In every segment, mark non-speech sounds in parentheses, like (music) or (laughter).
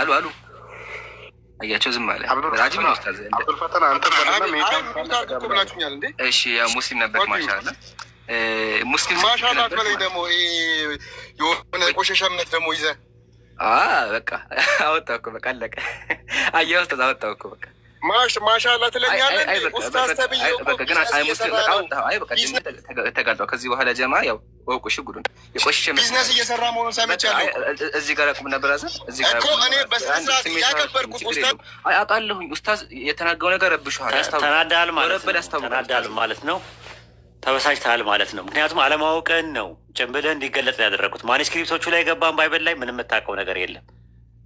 አሉ አሉ አያቸው ዝም አለ። አጅብ ነው ስታዝ እሺ፣ ያው ሙስሊም ነበር። ማሻላ ሙስሊም ማሻላ በላይ ደግሞ የሆነ ቆሻሻ እምነት ደግሞ ይዘ በቃ አወጣሁ እኮ በቃ አለቀ። አያ ውስጥ አወጣሁ እኮ በቃ ማሻላ ተለኛለ ኡስታዝ ከዚህ በኋላ ጀማ ያው ወቁ ሽጉዱን የቆሸሸ ቢዝነስ እየሰራ መሆኑን ሰምቻለሁ። እዚህ ጋር ቁም ነበር ዘ እኮ እኔ በስነስርዓት እያከበርኩት ኡስታዝ አውቃለሁኝ። ኡስታዝ የተናገው ነገር ረብሸዋል። ተናዳል ተናዳል ማለት ነው። ተበሳጭተሃል ማለት ነው። ምክንያቱም አለማወቅህን ነው ጭንብልህ እንዲገለጽ ያደረጉት። ማኒስክሪፕቶቹ ላይ ገባን ባይበል ላይ ምንም የምታውቀው ነገር የለም።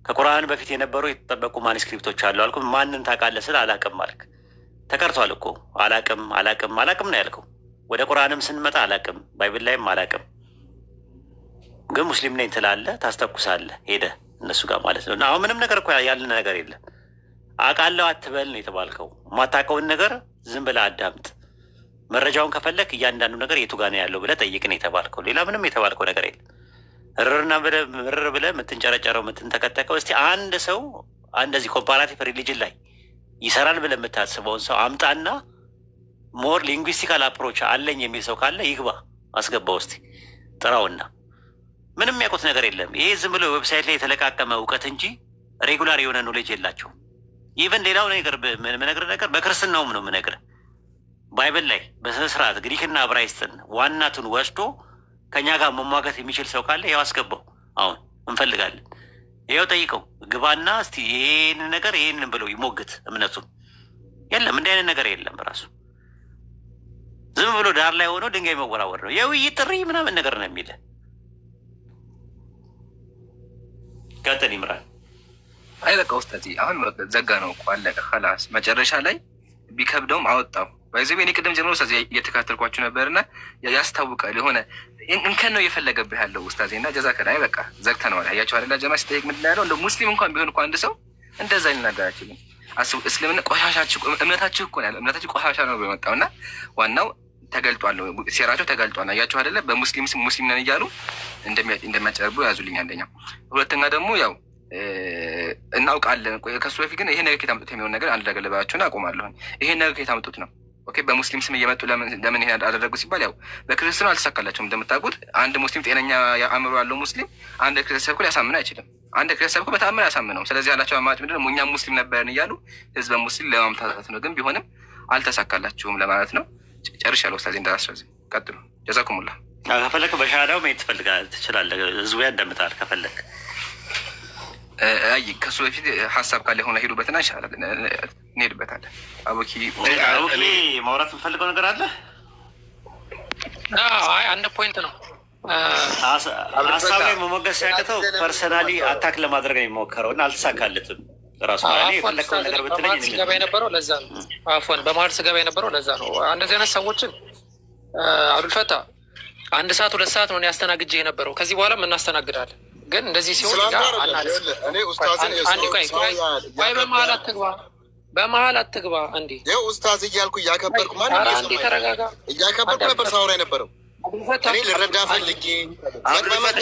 ከቁርአን በፊት የነበሩ የተጠበቁ ማኒስክሪፕቶች አሉ አልኩ። ማንን ታውቃለህ ስል አላቅም አልክ። ተቀርቷል እኮ አላቅም አላቅም አላቅም ነው ያልከው። ወደ ቁርአንም ስንመጣ አላቅም፣ ባይብል ላይም አላቅም፣ ግን ሙስሊም ነኝ ትላለህ፣ ታስተኩሳለህ፣ ሄደ እነሱ ጋር ማለት ነው። አሁን ምንም ነገር እኮ ያለን ነገር የለም። አውቃለሁ አትበል ነው የተባልከው። የማታውቀውን ነገር ዝም ብለህ አዳምጥ። መረጃውን ከፈለክ እያንዳንዱ ነገር የቱ ጋር ነው ያለው ብለህ ጠይቅ ነው የተባልከው። ሌላ ምንም የተባልከው ነገር የለም። ርርና እርር ብለ የምትንጨረጨረው የምትንተከተከው፣ እስቲ አንድ ሰው እንደዚህ ኮምፓራቲቭ ሪሊጅን ላይ ይሰራል ብለ የምታስበውን ሰው አምጣና ሞር ሊንግዊስቲካል አፕሮች አለኝ የሚል ሰው ካለ ይግባ፣ አስገባው፣ እስቲ ጥራውና ምንም የሚያውቁት ነገር የለም። ይሄ ዝም ብሎ ዌብሳይት ላይ የተለቃቀመ እውቀት እንጂ ሬጉላር የሆነ ኖሌጅ የላቸውም። ኢቨን ሌላው ነገር ምነግር ነገር በክርስትናውም ነው ምነግር ባይብል ላይ በስነስርዓት ግሪክና ዕብራይስጥን ዋናቱን ወስዶ ከእኛ ጋር መሟገት የሚችል ሰው ካለ ያው አስገባው። አሁን እንፈልጋለን። ይኸው ጠይቀው ግባና እስቲ ይህን ነገር ይህንን ብለው ይሞግት እምነቱ የለም እንዲህ አይነት ነገር የለም። ራሱ ዝም ብሎ ዳር ላይ ሆኖ ድንጋይ መወራወር ነው። የውይይት ጥሪ ምናምን ነገር ነው የሚለ ጋጠን ይምራል። አይ በቃ አሁን ዘጋ ነው አለቀ። ከላስ መጨረሻ ላይ ቢከብደውም አወጣው ባይዘቤ እኔ ቅድም ጀምሮ ስታዚ እየተካተልኳችሁ ነበርና ያስታውቃል። የሆነ እንከን ነው እየፈለገብህ ያለው ውስታዚ እና ጀዛ ከላይ በቃ ዘግተነዋል። አያቸው አደላ ጀማ ሲጠይቅ ምንድን ያለው እንደ ሙስሊም እንኳን ቢሆን እኳ አንድ ሰው እንደዛ ሊናገር አይችልም። አስቡ፣ እስልምና ቆሻሻችሁ እምነታችሁ እኮ ያለ እምነታችሁ ቆሻሻ ነው የመጣው እና ዋናው ተገልጧል ሴራቸው ተገልጧል። አያችሁ አደለ? በሙስሊም ስም ሙስሊም ነን እያሉ እንደሚያጨርቡ ያዙልኝ። አንደኛ ሁለተኛ ደግሞ ያው እናውቃለን። ከሱ በፊት ግን ይሄ ነገር ከየት አምጡት የሚሆን ነገር አንድ ነገር ልባችሁን አቆማለሁኝ። ይሄ ነገር ከየት አምጡት ነው ኦኬ በሙስሊም ስም እየመጡ ለምን ይሄን አደረጉ ሲባል ያው በክርስትና አልተሳካላቸውም። እንደምታውቁት አንድ ሙስሊም ጤነኛ አእምሮ ያለው ሙስሊም አንድ ክርስቲያን ሰብኮ ሊያሳምን አይችልም። አንድ ክርስቲያን ሰብኮ በተአምር ያሳምነው። ስለዚህ ያላቸው አማራጭ ምንድን ነው? እኛም ሙስሊም ነበርን እያሉ ህዝበ ሙስሊም ለማምታታት ነው። ግን ቢሆንም አልተሳካላችሁም ለማለት ነው። ጨርሻለሁ። ስታዜ እንዳላስረዝ ቀጥሉ። ጀዛኩሙላ ከፈለክ በሻዳው መሄድ ትፈልጋለህ ትችላለህ። ህዝቡ ያዳምጣል ከፈለክ አይ ከሱ በፊት ሀሳብ ካለ ሆነ ሄዱበትና ይሻላል፣ እንሄድበታለን። አቡኪ ማውራት የምፈልገው ነገር አለ። አይ አንድ ፖይንት ነው ሀሳብ ላይ መሞገስ ሲያቅተው ፐርሰናሊ አታክ ለማድረግ ነው የሚሞከረው እና አልተሳካለትም። ራሱ ስገባ የነበረው ለዛ ነው። አፎን በመሀል ስገባ የነበረው ለዛ ነው። እንደዚህ አይነት ሰዎችን አብዱልፈታ አንድ ሰዓት ሁለት ሰዓት ነው ያስተናግጄ የነበረው። ከዚህ በኋላም እናስተናግዳለን። ግን እንደዚህ ሲሆን ቆይ በመሀል አትግባ፣ በመሀል አትግባ። እንዴ ይኸው ኡስታዝ እያልኩ እያከበርኩ ማንም ተረጋጋ። እያከበርኩ ነበር ሳውራ የነበረው እኔ ልረዳ ፈልጌ መጥመጥ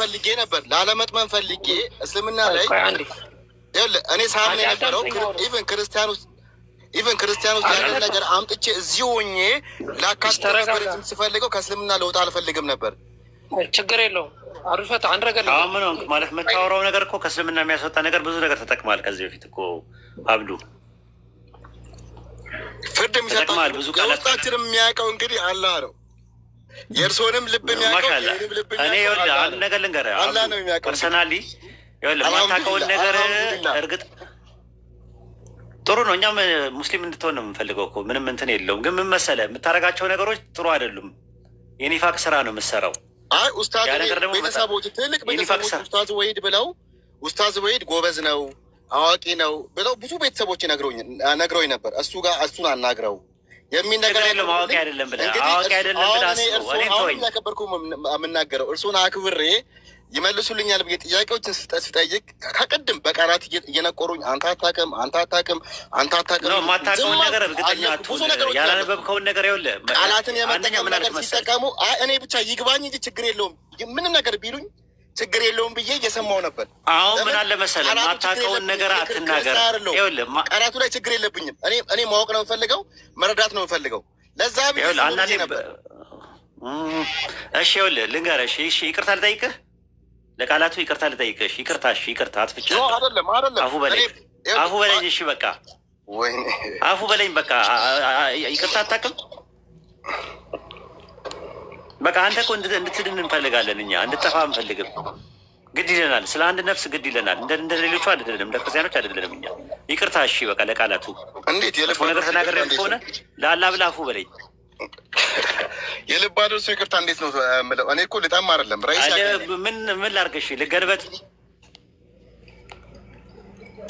ፈልጌ ነበር ላለመጥመን ፈልጌ እስልምና ላይ እኔ ሳምን የነበረው ኢቨን ክርስቲያን ውስጥ ኢቨን ክርስቲያን ውስጥ ያለ ነገር አምጥቼ እዚህ ሆኜ ላካስተረጋጅም ስፈልገው ከእስልምና ለውጥ አልፈልግም ነበር። ችግር የለውም አሪፈት አንድ ነገር ምን ማለት የምታወራው ነገር እኮ ከስልምና የሚያስወጣ ነገር ብዙ ነገር ተጠቅማል። ከዚህ በፊት እኮ አብዱ ፍርድ የሚሰጣል ብዙ ቃላችን የሚያውቀው እንግዲህ አላህ ነው። የእርስዎንም ልብ የሚያውቀው እኔ አንድ ነገር ልንገርህ፣ አላህ ነው የሚያውቀው። ፐርሰናሊ የማታውቀውን ነገር እርግጥ ጥሩ ነው። እኛም ሙስሊም እንድትሆን ነው የምንፈልገው እኮ ምንም እንትን የለውም። ግን ምን መሰለህ የምታደርጋቸው ነገሮች ጥሩ አይደሉም። የኒፋቅ ስራ ነው የምትሰራው አይ ኡስታዝ ቤተሰቦች ትልቅ ቤተሰቦች ኡስታዝ ወሂድ ብለው ኡስታዝ ወሂድ ጎበዝ ነው አዋቂ ነው ብለው ብዙ ቤተሰቦች ነግረውኝ ነበር። እሱ ጋር እሱን አናግረው የሚነገር አዋቂ አይደለም። እንግዲህ እኔ እርሱን አሁን ያከበርኩ የምናገረው እርሱን አክብሬ ይመልሱልኛል ብዬ ጥያቄዎችን ስጠይቅ ከቅድም በቃላት እየነቆሩኝ አንተ አታውቅም፣ አንተ አታውቅም፣ አንተ አታውቅም የማታውቀውን ነገር እርግጠኛ ብዙ ነገሮች ያላነበብከውን ነገር ይኸውልህ፣ ቃላትን የመጠቀም ነገር ሲጠቀሙ እኔ ብቻ ይግባኝ እንጂ ችግር የለውም ምንም ነገር ቢሉኝ ችግር የለውም ብዬ እየሰማው ነበር። አሁን ምን አለ መሰለህ፣ ማታውቀውን ነገር አትናገር። ቃላቱ ላይ ችግር የለብኝም። እኔ ማወቅ ነው የምፈልገው፣ መረዳት ነው የምፈልገው። ለዛ ብዬ ነበር። እሺ ይኸውልህ ልንገርህ፣ ይቅርታ ልጠይቅህ ለቃላቱ ይቅርታ ልጠይቅሽ። ይቅርታ ይቅርታ አትፍች አይደለም አይደለም። አፉ በለኝ፣ አፉ በለኝ። እሺ በቃ አፉ በለኝ። በቃ ይቅርታ አታውቅም። በቃ አንተ እኮ እንድትድን እንፈልጋለን እኛ እንድጠፋ እንፈልግም። ግድ ይለናል፣ ስለ አንድ ነፍስ ግድ ይለናል። እንደ ሌሎቹ አይደለንም፣ እንደ ክርስቲያኖች አይደለንም እኛ። ይቅርታ እሺ በቃ ለቃላቱ። እንዴት ነገር ተናገር ከሆነ ለአላ ብለህ አፉ በለኝ። የልብ አድርሶ ይቅርታ እንዴት ነው የምለው? እኔ እኮ ልጣም አይደለም። ራይስ ምን ምን ላድርግሽ? ልገልበት?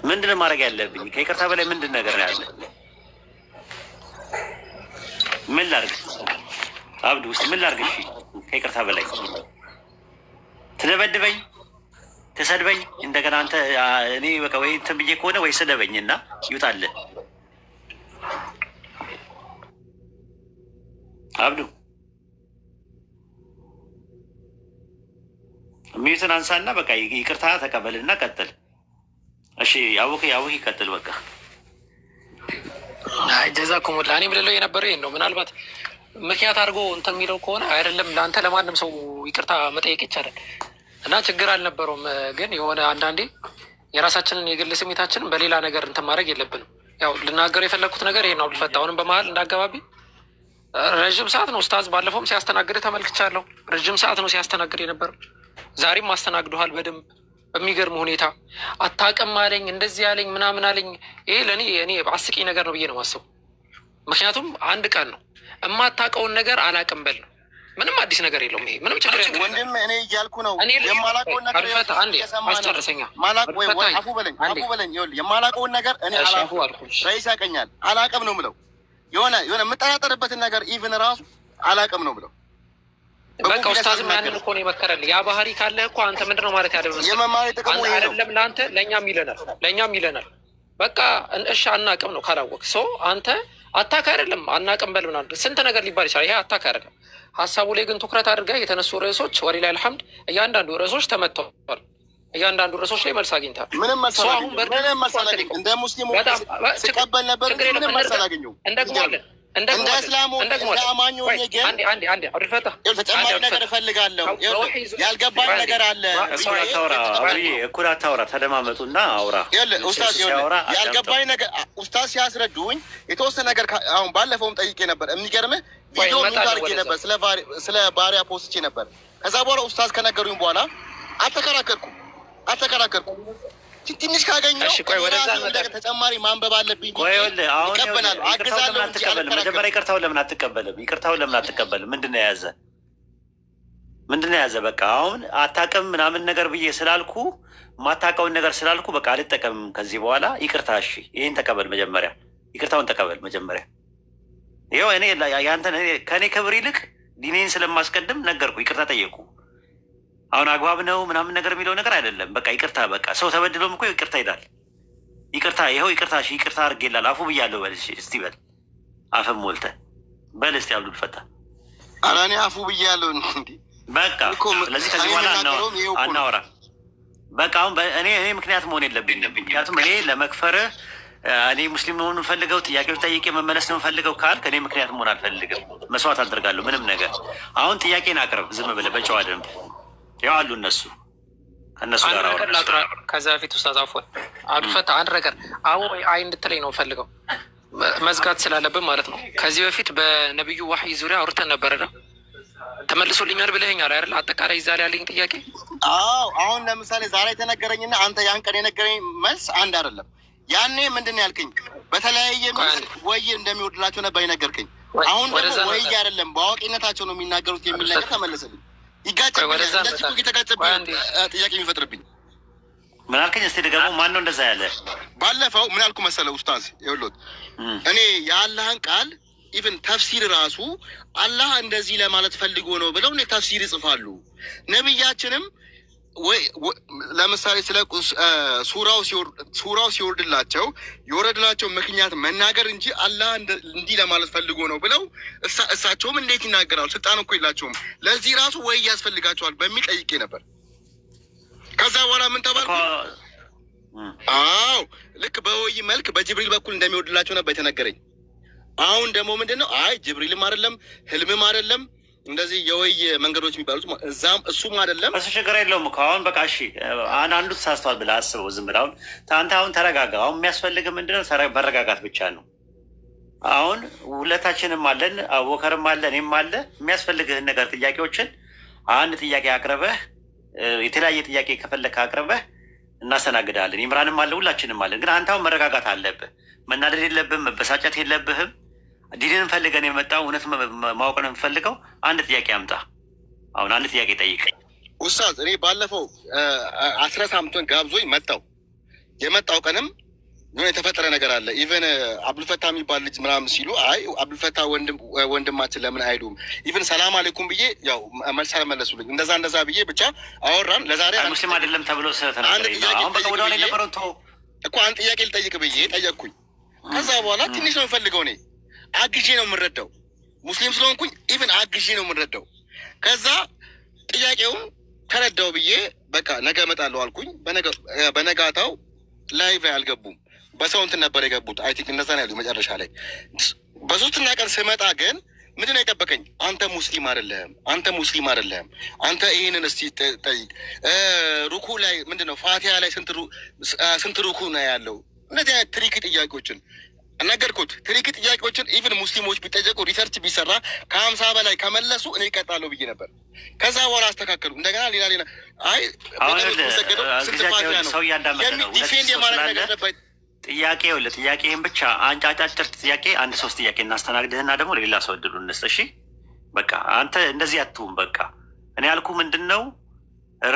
ምንድን ነው ማድረግ ያለብኝ? ከይቅርታ በላይ ምንድን ነገር ነው ያለ? ምን ላድርግ? አብዱ ውስጥ ምን ላድርግሽ? ከይቅርታ በላይ ትደበድበኝ፣ ትሰድበኝ እንደገና አንተ እኔ በቃ ወይ እንትን ብዬ ከሆነ ወይ ስደበኝ እና ይውጣለን አብዱ ሚዩትን አንሳና፣ በቃ ይቅርታ ተቀበልና ቀጥል። እሺ አቡኪ አቡኪ ቀጥል። በቃ ጀዛ ኩሙላ እኔ ብልለው የነበረ ይህን ነው። ምናልባት ምክንያት አድርጎ እንትን የሚለው ከሆነ አይደለም ለአንተ ለማንም ሰው ይቅርታ መጠየቅ ይቻላል እና ችግር አልነበረውም። ግን የሆነ አንዳንዴ የራሳችንን የግል ስሜታችንን በሌላ ነገር እንትን ማድረግ የለብንም። ያው ልናገረው የፈለግኩት ነገር ይሄ ነው። ልፈታ አሁንም በመሀል እንዳገባቢ ረዥም ሰዓት ነው ኡስታዝ፣ ባለፈውም ሲያስተናግድ ተመልክቻለሁ። ረዥም ሰዓት ነው ሲያስተናግድ የነበረው። ዛሬም አስተናግዶሃል በደንብ በሚገርም ሁኔታ። አታውቅም አለኝ፣ እንደዚህ አለኝ፣ ምናምን አለኝ። ይሄ ለእኔ እኔ አስቂኝ ነገር ነው ብዬ ነው የማስበው። ምክንያቱም አንድ ቀን ነው የማታውቀውን ነገር አላውቅም በል ነው። ምንም አዲስ ነገር የለውም። ይሄ ምንም ችግር ወንድም፣ እኔ እያልኩ ነው የማላውቀውን ነገር አፉ አፉ በለኝ በለኝ የማላውቀውን ነገር እኔ አላውቅም፣ ረይስ ያቀኛል አላውቅም ነው የምለው የሆነ የሆነ የምጠራጠርበትን ነገር ኢቭን ራሱ አላቅም ነው ብለው በቃ ኡስታዝ ያንን እኮ ነው የመከረልህ። ያ ባህሪ ካለ እኮ አንተ ምንድን ነው ማለት ያደረሰ የመማሪ ጥቅሙ አይደለም ለአንተ ለእኛም ይለናል፣ ለእኛም ይለናል። በቃ እሺ አናቅም ነው ካላወቅ ሰው አንተ አታካ አይደለም አናቅም በል ምናምን ስንት ነገር ሊባል ይችላል። ይሄ አታካ አይደለም። ሀሳቡ ላይ ግን ትኩረት አድርጋ የተነሱ ርዕሶች ወሬ ላይ አልሐምድ እያንዳንዱ ርዕሶች ተመትተዋል። እያንዳንዱ ርዕሶች ላይ መልስ አግኝታል። ምንም መልስ አላገኘሁም። እንደ ሙስሊሙ ነበር። ምንም መልስ አላገኘሁም። እንደ እስላሙ እንደ አማኙ ተጨማሪ ነገር እፈልጋለሁ። ያልገባኝ ነገር አለ። እኩል አታውራ፣ አውራ። ያልገባኝ ነገር ኡስታዝ ሲያስረዱኝ የተወሰነ ነገር አሁን ባለፈውም ጠይቄ ነበር። የሚገርምህ ቪዲዮ አድርጌ ነበር፣ ስለ ባሪያ ፖስቼ ነበር። ከዛ በኋላ ኡስታዝ ከነገሩኝ በኋላ አልተከራከርኩም። አልተከራከርኩም። ትንሽ ካገኘሁ ተጨማሪ ማንበብ አለብኝ። ይቀበላለሁ፣ አግዛለሁ እንጂ መጀመሪያ ይቅርታውን ለምን አትቀበልም? ይቅርታውን ለምን አትቀበልም? ምንድን ነው የያዘ ምንድን ነው የያዘ? በቃ አሁን አታውቅም ምናምን ነገር ብዬ ስላልኩ ማታውቀውን ነገር ስላልኩ በቃ አልጠቀምም ከዚህ በኋላ ይቅርታ። እሺ ይህን ተቀበል መጀመሪያ፣ ይቅርታውን ተቀበል መጀመሪያ። ይኸው እኔ ያንተን ከእኔ ክብር ይልቅ ዲኔን ስለማስቀድም ነገርኩ፣ ይቅርታ ጠየቁ። አሁን አግባብ ነው ምናምን ነገር የሚለው ነገር አይደለም። በቃ ይቅርታ፣ በቃ ሰው ተበድሎም እኮ ይቅርታ ይላል። ይቅርታ፣ ይኸው ይቅርታ፣ እሺ ይቅርታ አድርጌላል አፉ ብያለሁ በል እስቲ በል፣ አፈም ሞልተህ በል እስቲ አብዱል ፈታ ኧረ እኔ አፉ ብያለሁ ነው በቃ። ስለዚህ ከዚህ በኋላ አናወራ በቃ። አሁን እኔ እኔ ምክንያት መሆን የለብኝ ምክንያቱም እኔ ለመክፈር እኔ ሙስሊም መሆን የምፈልገው ጥያቄዎች ጠይቄ መመለስ ነው የምፈልገው ካልክ እኔ ምክንያት መሆን አልፈልግም። መስዋዕት አደርጋለሁ ምንም ነገር። አሁን ጥያቄን አቅርብ ዝም ብለህ በጨዋ ደንብ ያው አሉ እነሱ እነሱ ጋር ከዛ በፊት ውስጥ አዛፎን አልፈት አንድ ነገር አዎ አይ እንድትለኝ ነው ፈልገው መዝጋት ስላለብን ማለት ነው። ከዚህ በፊት በነቢዩ ዋህይ ዙሪያ አውርተን ነበረ ነው ተመልሶልኛል ብለኸኛል አይደል? አጠቃላይ ዛ ያለኝ ጥያቄ አዎ፣ አሁን ለምሳሌ ዛሬ የተነገረኝና አንተ ያን ቀን የነገረኝ መልስ አንድ አይደለም። ያኔ ምንድን ነው ያልከኝ? በተለያየ መልስ ወይ እንደሚወድላቸው ነበር የነገርከኝ። አሁን ደግሞ ወይ አይደለም በአዋቂነታቸው ነው የሚናገሩት የሚል ነገር ተመልስልኝ። ጥያቄ የሚፈጥርብኝ ምን አልከኝ? ደግሞ ማን ነው እንደዛ ያለ? ባለፈው ምን አልኩ መሰለ ኡስታዝ እኔ የአላህን ቃል ተፍሲር ራሱ አላህ እንደዚህ ለማለት ፈልጎ ነው ብለው ተፍሲር ይጽፋሉ። ነቢያችንም ለምሳሌ ስለ ሱራው ሲወርድላቸው የወረድላቸው ምክንያት መናገር እንጂ አላህ እንዲህ ለማለት ፈልጎ ነው ብለው እሳቸውም እንዴት ይናገራሉ? ስልጣን እኮ የላቸውም። ለዚህ ራሱ ወይ ያስፈልጋቸዋል በሚል ጠይቄ ነበር። ከዛ በኋላ ምን ተባልኩ? አዎ ልክ በወይ መልክ በጅብሪል በኩል እንደሚወርድላቸው ነበር የተነገረኝ። አሁን ደግሞ ምንድን ነው? አይ ጅብሪልም አይደለም ህልምም አይደለም እንደዚህ የወይ መንገዶች የሚባሉት እዛም እሱም አይደለም እሱ ችግር የለውም እኮ አሁን በቃ እሺ፣ አንዱ ተሳስቷል ብለህ አስበው ዝም ብለህ አሁን ታንተ አሁን ተረጋጋ። አሁን የሚያስፈልግ ምንድነው መረጋጋት ብቻ ነው። አሁን ሁለታችንም አለን፣ አወከርም አለ፣ እኔም አለ። የሚያስፈልግህን ነገር ጥያቄዎችን አንድ ጥያቄ አቅርበህ የተለያየ ጥያቄ ከፈለግ አቅርበህ እናስተናግዳለን። ይምራንም አለ፣ ሁላችንም አለን። ግን አንተ አሁን መረጋጋት አለብህ። መናደድ የለብህም፣ መበሳጨት የለብህም። ዲንን ፈልገን የመጣው እውነት ማወቅ ነው የምፈልገው። አንድ ጥያቄ አምጣ። አሁን አንድ ጥያቄ ጠይቅ። ኡስታዝ እኔ ባለፈው አስረት አምቶን ጋብዞኝ መጣው። የመጣው ቀንም የሆነ የተፈጠረ ነገር አለ። ኢቨን አብዱልፈታ የሚባል ልጅ ምናምን ሲሉ አይ አብዱልፈታ ወንድማችን ለምን አይሉም? ኢቨን ሰላም አለይኩም ብዬ ያው መልስ አልመለሱልኝ። እንደዛ እንደዛ ብዬ ብቻ አወራን። ለዛሬ ሙስሊም አይደለም ተብሎ ስለተናገረ እኮ አንድ ጥያቄ ልጠይቅ ብዬ ጠየቅኩኝ። ከዛ በኋላ ትንሽ ነው የምፈልገው እኔ አግዤ ነው የምንረዳው። ሙስሊም ስለሆንኩኝ ኢቨን አግዤ ነው የምንረዳው። ከዛ ጥያቄውም ተረዳው ብዬ በቃ ነገ እመጣለሁ አልኩኝ። በነጋታው ላይቭ ላይ አልገቡም። በሰው እንትን ነበር የገቡት። አይ ቲንክ እነዛ ነው ያሉ መጨረሻ ላይ። በሶስትና ቀን ስመጣ ግን ምንድን ነው የጠበቀኝ? አንተ ሙስሊም አይደለህም፣ አንተ ሙስሊም አይደለህም፣ አንተ ይህንን እስቲ ጠይቅ። ሩኩ ላይ ምንድን ነው ፋቲያ ላይ ስንት ሩኩ ነው ያለው? እነዚህ አይነት ትሪክ ጥያቄዎችን ነገርኩት። ትሪክ ጥያቄዎችን ኢቭን ሙስሊሞች ቢጠየቁ ሪሰርች ቢሰራ ከሀምሳ በላይ ከመለሱ እኔ ይቀጣለሁ ብዬ ነበር። ከዛ በኋላ አስተካከሉ እንደገና ሌላ ሌላ አይ ሰው እያዳመጠ ነው ጥያቄ ለ ጥያቄህን ብቻ አጫጭር ጥያቄ አንድ ሶስት ጥያቄ እናስተናግድህና ደግሞ ለሌላ ሰው እድሉ እንስጥ። እሺ በቃ አንተ እንደዚህ አትሁም። በቃ እኔ ያልኩ ምንድን ነው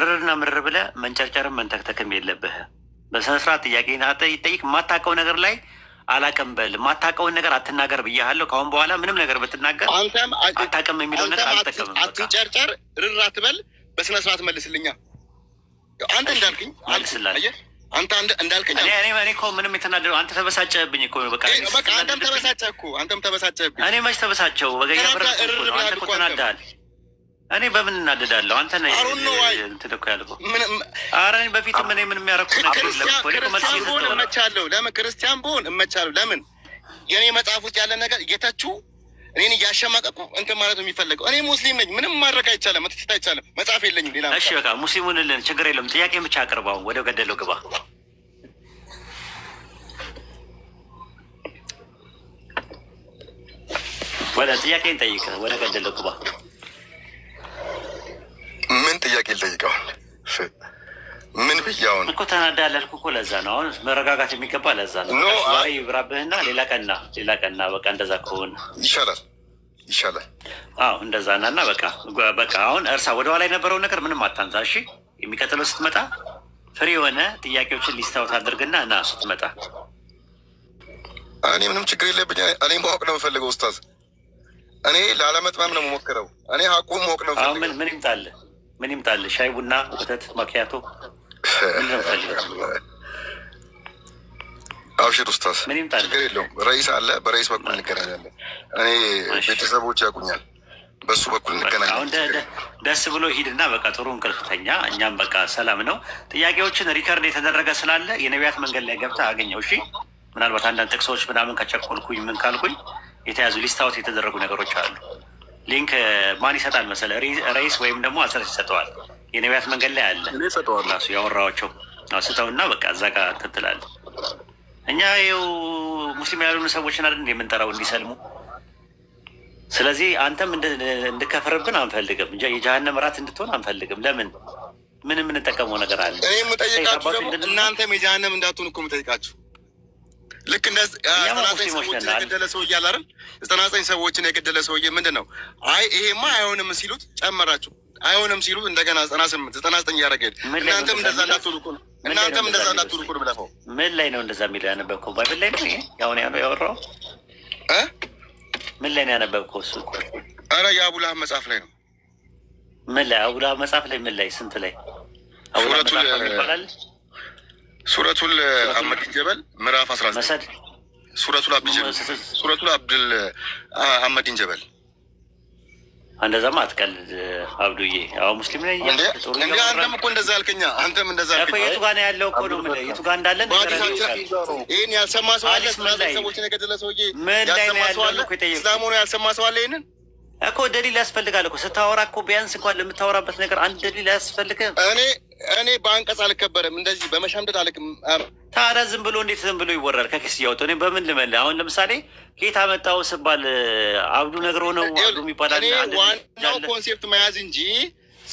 ርርና ምርር ብለህ መንጨርጨርም መንተክተክም የለብህ። በስነስርዓት ጥያቄ ይጠይቅ የማታውቀው ነገር ላይ አላቅም በል የማታውቀውን ነገር አትናገር ብያሃለሁ። ከአሁን በኋላ ምንም ነገር ብትናገር አታቀም የሚለው ነገር አልጠቀምም። አትጨርጨር፣ ርር አትበል፣ በስነ ስርዓት መልስልኛ። አንተ እንዳልክኝ አልስላለ አንተ እንዳልከኝ እኔ እኮ ምንም የተናደደው አንተ ተበሳጨህብኝ እኮ በቃ አንተም ተበሳጨህ እኮ አንተም ተበሳጨህብኝ። እኔ መች ተበሳጨው? በገኛ ብረ ተናዳል እኔ በምን እናደዳለሁ? አንተ ነህ እንትን እኮ ያልከው። ኧረ እኔ በፊትም እኔ ምን የሚያረኩት ነገር የለም። እመቻለሁ። ለምን ክርስቲያን ብሆን እመቻለሁ። ለምን የእኔ መጽሐፍ ውስጥ ያለ ነገር እየተቹ እኔን እያሸማቀቁ እንትን ማለት ነው የሚፈለገው። እኔ ሙስሊም ነኝ። ምንም ማድረግ አይቻለም። መተቸት አይቻለም። መጽሐፍ የለኝም ሌላ። እሺ በቃ ሙስሊሙን ልን ችግር የለም። ጥያቄ ብቻ አቅርበው ወደ ገደለው ግባ። ወደ ጥያቄን ጠይቀህ ወደ ገደለው ግባ። ይጠይቀዋል። ምን ብያውን እኮ ተናዳ አልኩህ እኮ ለዛ ነው። አሁን መረጋጋት የሚገባ ለዛ ነው። ይብራብህና ሌላ ቀና ሌላ ቀና በቃ እንደዛ ከሆነ ይሻላል ይሻላል። አዎ እንደዛ ና እና በቃ በቃ አሁን እርሳ ወደኋላ የነበረውን ነገር ምንም አታንሳ። እሺ የሚቀጥለው ስትመጣ ፍሬ የሆነ ጥያቄዎችን ሊስታወት አድርግና እና ስትመጣ እኔ ምንም ችግር የለብኝ። እኔ ማወቅ ነው የምፈልገው ኡስታዝ። እኔ ላለመጥማም ነው የምሞክረው። እኔ ሀቁ ማወቅ ነው ምን ምን ይምጣልህ ምን ይምጣል? ሻይ፣ ቡና፣ ወተት፣ ማኪያቶ አብሽር ኡስታዝ፣ ችግር የለውም። ረይስ አለ፣ በረይስ በኩል እንገናኛለን። እኔ ቤተሰቦች ያቁኛል፣ በሱ በኩል እንገናኛለን። አሁን ደስ ብሎ ሂድና በቃ ጥሩ እንቅልፍተኛ። እኛም በቃ ሰላም ነው። ጥያቄዎችን ሪከርድ የተደረገ ስላለ የነቢያት መንገድ ላይ ገብተህ አገኘው። እሺ፣ ምናልባት አንዳንድ ጥቅሶች ምናምን ከቸኮልኩኝ ምን ካልኩኝ የተያዙ ሊስታውት የተደረጉ ነገሮች አሉ። ሊንክ ማን ይሰጣል መሰለ ሬስ ወይም ደግሞ አስረስ ይሰጠዋል። የነቢያት መንገድ ላይ አለ ራሱ ያወራኋቸው ስተውና በቃ እዛ ጋር ትትላለ። እኛ ይኸው ሙስሊም ያልሆኑ ሰዎችን አይደል የምንጠራው እንዲሰልሙ። ስለዚህ አንተም እንድከፍርብን አንፈልግም፣ የጀሃነም ራት እንድትሆን አንፈልግም። ለምን ምን የምንጠቀመው ነገር አለ? እኔ የምጠይቃችሁ እናንተም የጀሃነም እንዳትሆን እኮ የምጠይቃችሁ ልክ እንደ ዘጠናዘጠኝ ሰዎችን የገደለ ሰውዬ አለ አይደል? ዘጠናዘጠኝ ሰዎችን የገደለ ሰውዬ ምንድን ነው? አይ ይሄማ አይሆንም ሲሉት ጨመራችሁ፣ አይሆንም ሲሉት እንደገና ዘጠና ስምንት ዘጠና ዘጠኝ ያደረገ እናንተም እንደዛ እንዳትሆኑ ነው። እናንተም እንደዛ እንዳትሆኑ ነው ብለፈው። ምን ላይ ነው እንደዛ የሚለው ያነበብከው? ባይብል ላይ ነው። ያሁን ያለው ያወራው ምን ላይ ነው ያነበብከው? እሱ ኧረ የአቡላህ መጽሐፍ ላይ ነው። ምን ላይ አቡላህ መጽሐፍ ላይ ምን ላይ ስንት ላይ አቡላህ መጽሐፍ ይባላል ሱረቱል አመድ ጀበል ምዕራፍ 19 ሱረቱል አብድ ጀበል ሱረቱል አብድል አመድን ጀበል እንደዛማ አትቀልድ አብዱዬ። አሁን ሙስሊም ላይ እንደ አንተም እኮ እንደዛ አልከኛ። አንተም እንደዛ አልከኛ። የቱ ጋር ነው ያለው? እኮ ነው የምልህ የቱ ጋር እንዳለ ይህን ያልሰማ ሰው አለ። ሰዎችን የገደለ ሰውዬ ምን ላይ ነው ያለው? እስላም ነው ያልሰማ ሰው አለ። ይህንን እኮ ደሊል ያስፈልጋል እኮ ስታወራ እኮ ቢያንስ እንኳን ለምታወራበት ነገር አንድ ደሊል ያስፈልግህ እኔ እኔ በአንቀጽ አልከበረም፣ እንደዚህ በመሸምደድ አልክም። ታዲያ ዝም ብሎ እንዴት ዝም ብሎ ይወራል? ከኪስ እያወጡ እኔ በምን ልመልህ? አሁን ለምሳሌ ከየት አመጣው ስባል አብዱ ነግሮ ነው አብዱ ይባላል። ዋናው ኮንሴፕት መያዝ እንጂ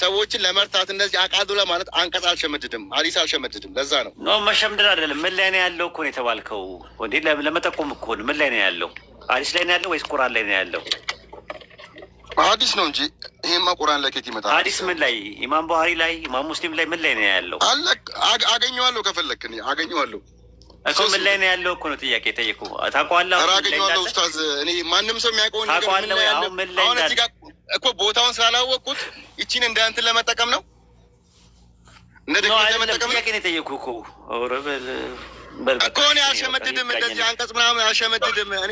ሰዎችን ለመርታት እንደዚህ አቃዱ ለማለት አንቀጽ አልሸመድድም፣ አዲስ አልሸመድድም። ለዛ ነው ኖ መሸምደድ አይደለም። ምን ላይ ነው ያለው እኮ ነው የተባልከው። እንዴ ለመጠቆም እኮ ነው። ምን ላይ ነው ያለው? አዲስ ላይ ነው ያለው ወይስ ቁራን ላይ ነው ያለው? በሀዲስ ነው እንጂ ይሄማ ቁርአን ላይ ከየት ይመጣል? ሀዲስ ምን ላይ ኢማም ባህሪ ላይ ኢማም ሙስሊም ላይ ምን ላይ ነው ያለው? አለ አገኘዋለሁ፣ ከፈለክ እኔ አገኘዋለሁ እኮ ምን ላይ ነው ያለው እኮ ነው ጥያቄ የጠየኩህ። ታውቀዋለህ? ኧረ አገኘዋለሁ ኡስታዝ፣ እኔ ማንም ሰው የሚያውቀው ታውቀዋለህ? አሁን ምን ላይ አሁን እኮ ቦታውን ስላላወቅኩት ይቺን እንደ እንትን ለመጠቀም ነው እንደ ደግሞ ለመጠቀም ጥያቄ ነው የጠየቁ እኮ ረበል እኮን አልሸመድድም። እንደዚህ አንቀጽ ምናምን አልሸመድድም። እኔ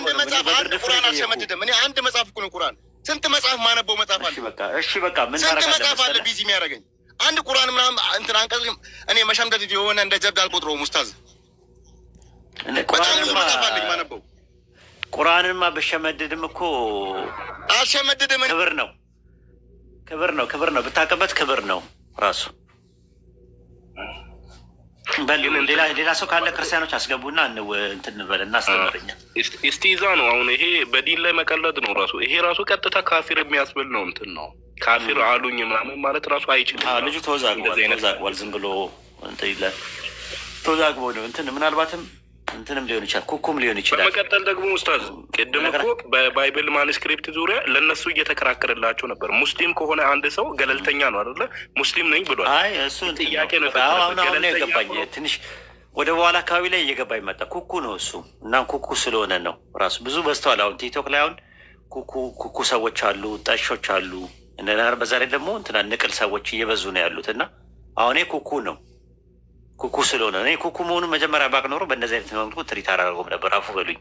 አንድ መጽሐፍ አንድ ቁርአን አልሸመድድም። እኔ አንድ መጽሐፍ እኮ ነው ቁርአን። ስንት መጽሐፍ ማነበው መጽሐፍ አለ። ስንት መጽሐፍ አለ ቢዚ የሚያደርገኝ አንድ ቁርአን ምናምን እንትን አንቀጽ እኔ መሸምደድ የሆነ እንደ ጀብድ አልቆጥረውም። ሙስታዝ በጣም ብዙ መጽሐፍ አለኝ ማነበው። ቁርአንንማ በሸመድድም እኮ አልሸመድድም። ክብር ነው ክብር ነው ክብር ነው ብታውቅበት ክብር ነው ራሱ ሌላ ሰው ካለ ክርስቲያኖች አስገቡና እንትን እንበል እስቲ ይዛ ነው አሁን ይሄ በዲን ላይ መቀለድ ነው ራሱ። ይሄ ራሱ ቀጥታ ካፊር የሚያስብል ነው እንትን ነው ካፊር አሉኝ ምናምን ማለት ራሱ አይችልም። ልጁ ተወዛግቧል። ዝም ብሎ እንትን ይላል። ተወዛግቦ ነው እንትን ምናልባትም እንትንም ሊሆን ይችላል፣ ኩኩም ሊሆን ይችላል። በመቀጠል ደግሞ ኡስታዝ ቅድም እኮ በባይብል ማኒስክሪፕት ዙሪያ ለእነሱ እየተከራከረላቸው ነበር። ሙስሊም ከሆነ አንድ ሰው ገለልተኛ ነው አይደለ? ሙስሊም ነኝ ብሏል። አይ እሱ ጥያቄ ነው። የገባኝ ትንሽ ወደ በኋላ አካባቢ ላይ እየገባ ይመጣ ኩኩ ነው እሱ እና ኩኩ ስለሆነ ነው ራሱ ብዙ በስተዋል። አሁን ቲክቶክ ላይ አሁን ኩኩ ኩኩ ሰዎች አሉ፣ ጠሾች አሉ። እንደና በዛሬ ደግሞ እንትና ንቅል ሰዎች እየበዙ ነው ያሉት እና አሁን ኩኩ ነው ኩኩ ስለሆነ እኔ ኩኩ መሆኑን መጀመሪያ ባቅ ኖሮ በእነዚህ አይነት መልኩ ትሪት አላደርገውም ነበር። አፉ በሉኝ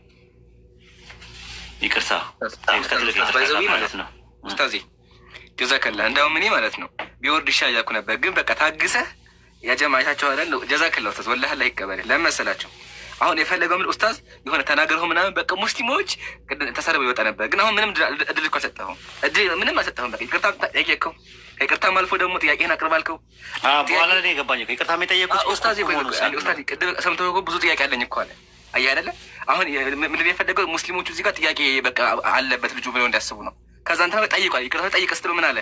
ይቅርታ ማለት ነው ኡስታዜ ጀዛከላ። እንዳውም እኔ ማለት ነው ቢወርድ ይሻ እያልኩ ነበር፣ ግን በቃ ታግሰ ያጀማቻቸው አለ። ጀዛከላ ኡስታዝ ወላህ ላይ ይቀበል። ለመሰላቸው አሁን የፈለገው ምን ኡስታዝ የሆነ ተናገርሁ ምናምን በቃ ሙስሊሞች ተሰርበው ይወጣ ነበር፣ ግን አሁን ምንም እድል እኮ አልሰጠሁም። እድል ምንም አልሰጠሁም። በቃ ይቅርታ ጠየቅከው ከይቅርታም አልፎ ደግሞ ጥያቄህን አቅርባልከው በኋላ ላይ የገባኝ ይቅርታም የጠየቁት ኡስታዝ ሰምተው እኮ ብዙ ጥያቄ አለኝ እኮ አለ። አየህ አይደለ? አሁን ምንድን የፈለገው ሙስሊሞቹ እዚህ ጋር ጥያቄ በቃ አለበት ልጁ ብለው እንዲያስቡ ነው። ከዛ እንትን ጠይቋል። ይቅርታ ጠይቅ ስትለው ምን አለ?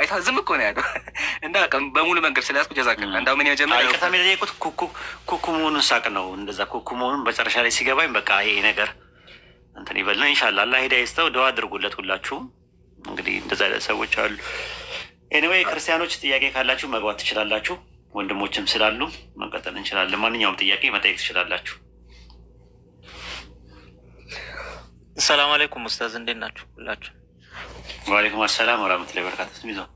አይታ ዝም እኮ ነው ያለው። (laughs) እና በሙሉ መንገድ ስለያዝኩ ጀዛቅ እንዳሁም ምን መጀመሪያ ይቅርታ የጠየቁት ኩኩ መሆኑን ሳቅ ነው እንደዛ ኩኩ መሆኑን መጨረሻ ላይ ሲገባኝ በቃ ይሄ ነገር እንትን ይበልና ኢንሻላህ አላህ ሂዳያ ይስጠው። ደዋ አድርጉለት ሁላችሁም። እንግዲህ እንደዛ ሰዎች አሉ ኤኒዌይ ክርስቲያኖች ጥያቄ ካላችሁ መግባት ትችላላችሁ። ወንድሞችም ስላሉ መቀጠል እንችላለን። ማንኛውም ጥያቄ መጠየቅ ትችላላችሁ። ሰላም አለይኩም ኡስታዝ፣ እንዴት ናችሁ ሁላችሁ? ዋሌኩም አሰላም ወራህመቱላሂ ወበረካቱህ።